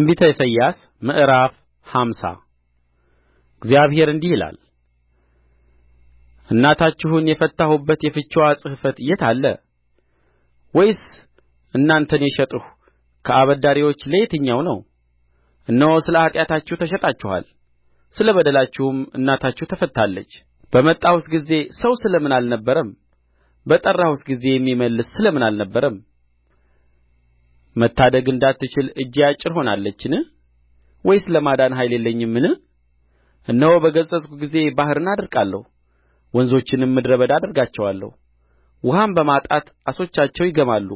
ትንቢተ ኢሳይያስ ምዕራፍ ሃምሳ እግዚአብሔር እንዲህ ይላል እናታችሁን የፈታሁበት የፍችዋ ጽሕፈት የት አለ ወይስ እናንተን የሸጥሁ ከአበዳሪዎች ለየትኛው ነው እነሆ ስለ ኃጢአታችሁ ተሸጣችኋል ስለ በደላችሁም እናታችሁ ተፈትታለች በመጣሁስ ጊዜ ሰው ስለ ምን አልነበረም በጠራሁስ ጊዜ የሚመልስ ስለ ምን አልነበረም መታደግ እንዳትችል እጄ አጭር ሆናለችን ወይስ ለማዳን ኃይል የለኝምን እነሆ በገሠጽሁ ጊዜ ባሕርን አደርቃለሁ ወንዞችንም ምድረ በዳ አደርጋቸዋለሁ ውኃም በማጣት ዓሦቻቸው ይገማሉ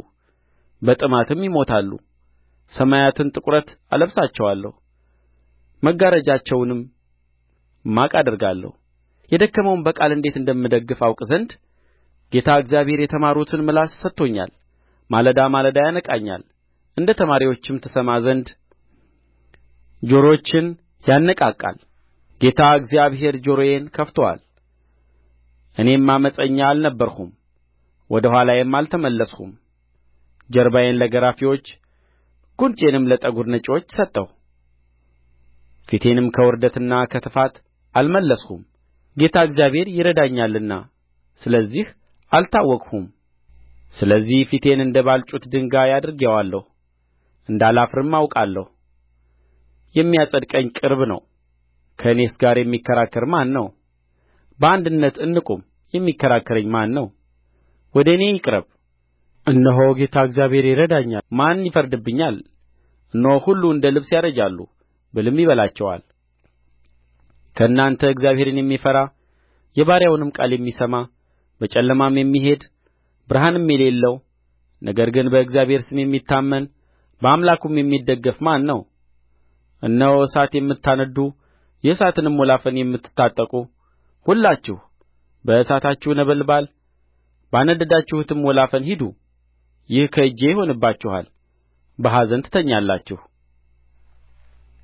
በጥማትም ይሞታሉ ሰማያትን ጥቁረት አለብሳቸዋለሁ መጋረጃቸውንም ማቅ አደርጋለሁ የደከመውን በቃል እንዴት እንደምደግፍ አውቅ ዘንድ ጌታ እግዚአብሔር የተማሩትን ምላስ ሰጥቶኛል ማለዳ ማለዳ ያነቃኛል እንደ ተማሪዎችም ትሰማ ዘንድ ጆሮዎችን ያነቃቃል ጌታ እግዚአብሔር ጆሮዬን ከፍቶአል እኔም ዓመፀኛ አልነበርሁም ወደ ኋላዬም አልተመለስሁም ጀርባዬን ለገራፊዎች ጕንጬንም ለጠጕር ነጪዎች ሰጠሁ ፊቴንም ከውርደትና ከትፋት አልመለስሁም ጌታ እግዚአብሔር ይረዳኛልና ስለዚህ አልታወክሁም ስለዚህ ፊቴን እንደ ባልጩት ድንጋይ አድርጌዋለሁ እንዳላፍርም አውቃለሁ የሚያጸድቀኝ ቅርብ ነው ከእኔስ ጋር የሚከራከር ማን ነው በአንድነት እንቁም የሚከራከረኝ ማን ነው ወደ እኔ ይቅረብ እነሆ ጌታ እግዚአብሔር ይረዳኛል ማን ይፈርድብኛል እነሆ ሁሉ እንደ ልብስ ያረጃሉ ብልም ይበላቸዋል ከእናንተ እግዚአብሔርን የሚፈራ የባሪያውንም ቃል የሚሰማ በጨለማም የሚሄድ ብርሃንም የሌለው ነገር ግን በእግዚአብሔር ስም የሚታመን በአምላኩም የሚደገፍ ማን ነው እነሆ እሳት የምታነድዱ የእሳትንም ወላፈን የምትታጠቁ ሁላችሁ በእሳታችሁ ነበልባል ባነደዳችሁትም ወላፈን ሂዱ ይህ ከእጄ ይሆንባችኋል በኀዘን ትተኛላችሁ